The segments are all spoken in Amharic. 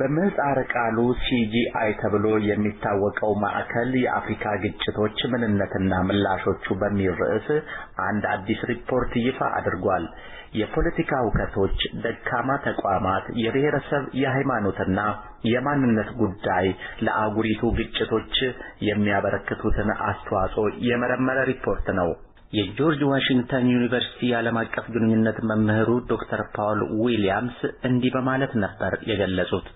በምህፃረ ቃሉ ሲጂአይ ተብሎ የሚታወቀው ማዕከል የአፍሪካ ግጭቶች ምንነትና ምላሾቹ በሚል ርዕስ አንድ አዲስ ሪፖርት ይፋ አድርጓል። የፖለቲካ እውከቶች፣ ደካማ ተቋማት፣ የብሔረሰብ የሃይማኖትና የማንነት ጉዳይ ለአጉሪቱ ግጭቶች የሚያበረክቱትን አስተዋጽኦ የመረመረ ሪፖርት ነው። የጆርጅ ዋሽንግተን ዩኒቨርሲቲ የዓለም አቀፍ ግንኙነት መምህሩ ዶክተር ፓውል ዊሊያምስ እንዲህ በማለት ነበር የገለጹት።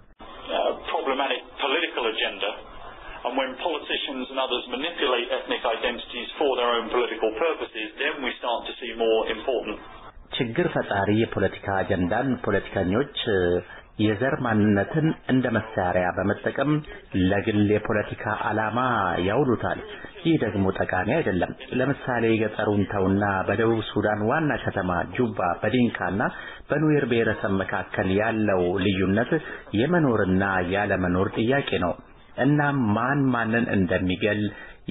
political agenda and when politicians and others manipulate ethnic identities for their own political purposes, then we start to see more important. ችግር ፈጣሪ የፖለቲካ አጀንዳን ፖለቲከኞች የዘር ማንነትን እንደ መሳሪያ በመጠቀም ለግል የፖለቲካ ዓላማ ያውሉታል። ይህ ደግሞ ጠቃሚ አይደለም። ለምሳሌ የገጠሩን ተውና በደቡብ ሱዳን ዋና ከተማ ጁባ በዲንካና በኑዌር ብሔረሰብ መካከል ያለው ልዩነት የመኖርና ያለመኖር ጥያቄ ነው። እናም ማን ማንን እንደሚገል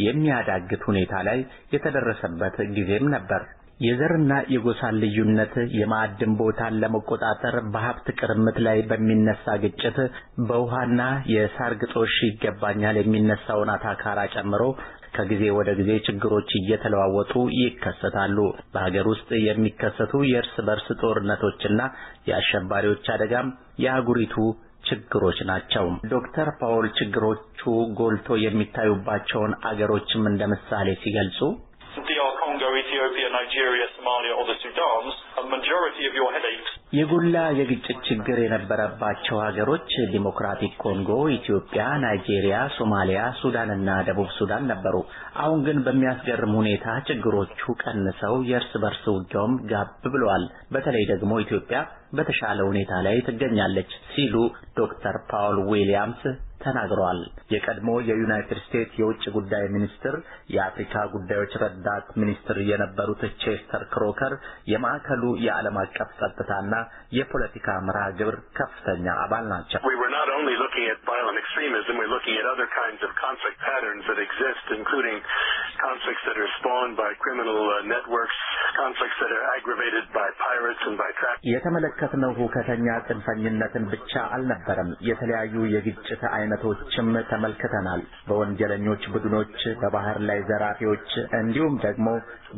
የሚያዳግት ሁኔታ ላይ የተደረሰበት ጊዜም ነበር። የዘርና የጎሳን ልዩነት የማዕድን ቦታን ለመቆጣጠር በሀብት ቅርምት ላይ በሚነሳ ግጭት በውሃና የሳር ግጦሽ ይገባኛል የሚነሳውን አታካራ ጨምሮ ከጊዜ ወደ ጊዜ ችግሮች እየተለዋወጡ ይከሰታሉ። በሀገር ውስጥ የሚከሰቱ የእርስ በርስ ጦርነቶችና የአሸባሪዎች አደጋም የአጉሪቱ ችግሮች ናቸው። ዶክተር ፓውል ችግሮቹ ጎልቶ የሚታዩባቸውን አገሮችም እንደ ምሳሌ ሲገልጹ Ethiopia, Nigeria, Somalia or the a majority of your headaches የጎላ የግጭት ችግር የነበረባቸው ሀገሮች ዲሞክራቲክ ኮንጎ፣ ኢትዮጵያ፣ ናይጄሪያ፣ ሶማሊያ፣ ሱዳን እና ደቡብ ሱዳን ነበሩ። አሁን ግን በሚያስገርም ሁኔታ ችግሮቹ ቀንሰው የእርስ በርስ ውጊያውም ጋብ ብለዋል። በተለይ ደግሞ ኢትዮጵያ በተሻለ ሁኔታ ላይ ትገኛለች ሲሉ ዶክተር ፓውል ዊሊያምስ ተናግረዋል። የቀድሞ የዩናይትድ ስቴትስ የውጭ ጉዳይ ሚኒስትር የአፍሪካ ጉዳዮች ረዳት ሚኒስትር የነበሩት ቼስተር ክሮከር የማዕከሉ የዓለም አቀፍ ጸጥታና የፖለቲካ መርሃ ግብር ከፍተኛ አባል ናቸው። conflicts that are spawned by criminal uh, networks የተመለከትነው ሁከተኛ ጽንፈኝነትን ብቻ አልነበረም። የተለያዩ የግጭት አይነቶችም ተመልክተናል። በወንጀለኞች ቡድኖች፣ በባህር ላይ ዘራፊዎች እንዲሁም ደግሞ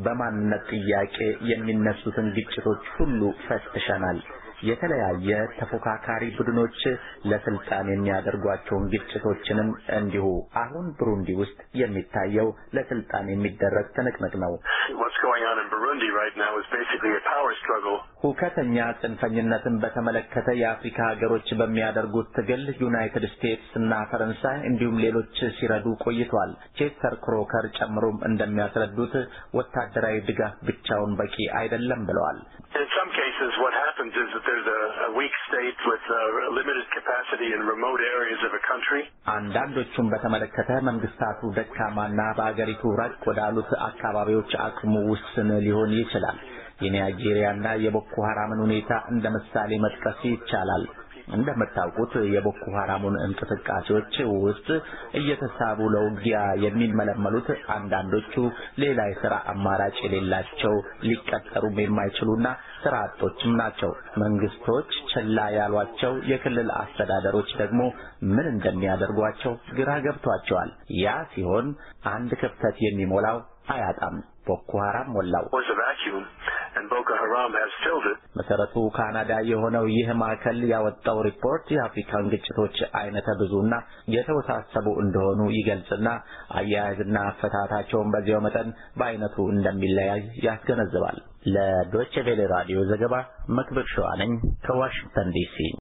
በማንነት ጥያቄ የሚነሱትን ግጭቶች ሁሉ ፈትሸናል። የተለያየ ተፎካካሪ ቡድኖች ለስልጣን የሚያደርጓቸውን ግጭቶችንም እንዲሁ አሁን ብሩንዲ ውስጥ የሚታየው ለስልጣን የሚደረግ ትንቅንቅ ነው። ሁከተኛ ጽንፈኝነትን በተመለከተ የአፍሪካ ሀገሮች በሚያደርጉት ትግል ዩናይትድ ስቴትስ እና ፈረንሳይ እንዲሁም ሌሎች ሲረዱ ቆይቷል። ቼስተር ክሮከር ጨምሮም እንደሚያስረዱት ወታደራዊ ድጋፍ ብቻውን በቂ አይደለም ብለዋል። አንዳንዶቹን በተመለከተ መንግስታቱ ደካማና በአገሪቱ ረቅ ወዳሉት አካባቢዎች አቅሙ ውስን ሊሆን ይችላል። የናይጄሪያና የቦኮ ሐራምን ሁኔታ እንደ ምሳሌ መጥቀስ ይቻላል። እንደምታውቁት የቦኮ ሐራሙን እንቅስቃሴዎች ውስጥ እየተሳቡ ለውጊያ የሚመለመሉት አንዳንዶቹ ሌላ የስራ አማራጭ የሌላቸው ሊቀጠሩም የማይችሉና ስራ አጦችም ናቸው። መንግስቶች ችላ ያሏቸው የክልል አስተዳደሮች ደግሞ ምን እንደሚያደርጓቸው ግራ ገብቷቸዋል። ያ ሲሆን አንድ ክፍተት የሚሞላው አያጣም። ቦኮ ሐራም ሞላው። መሰረቱ ካናዳ የሆነው ይህ ማዕከል ያወጣው ሪፖርት የአፍሪካን ግጭቶች አይነተ ብዙና የተወሳሰቡ እንደሆኑ ይገልጽና አያያዝና አፈታታቸውን በዚያው መጠን በአይነቱ እንደሚለያይ ያስገነዝባል። ለዶቼ ቬሌ ራዲዮ ዘገባ መክብብ ሸዋነኝ ከዋሽንግተን ዲሲ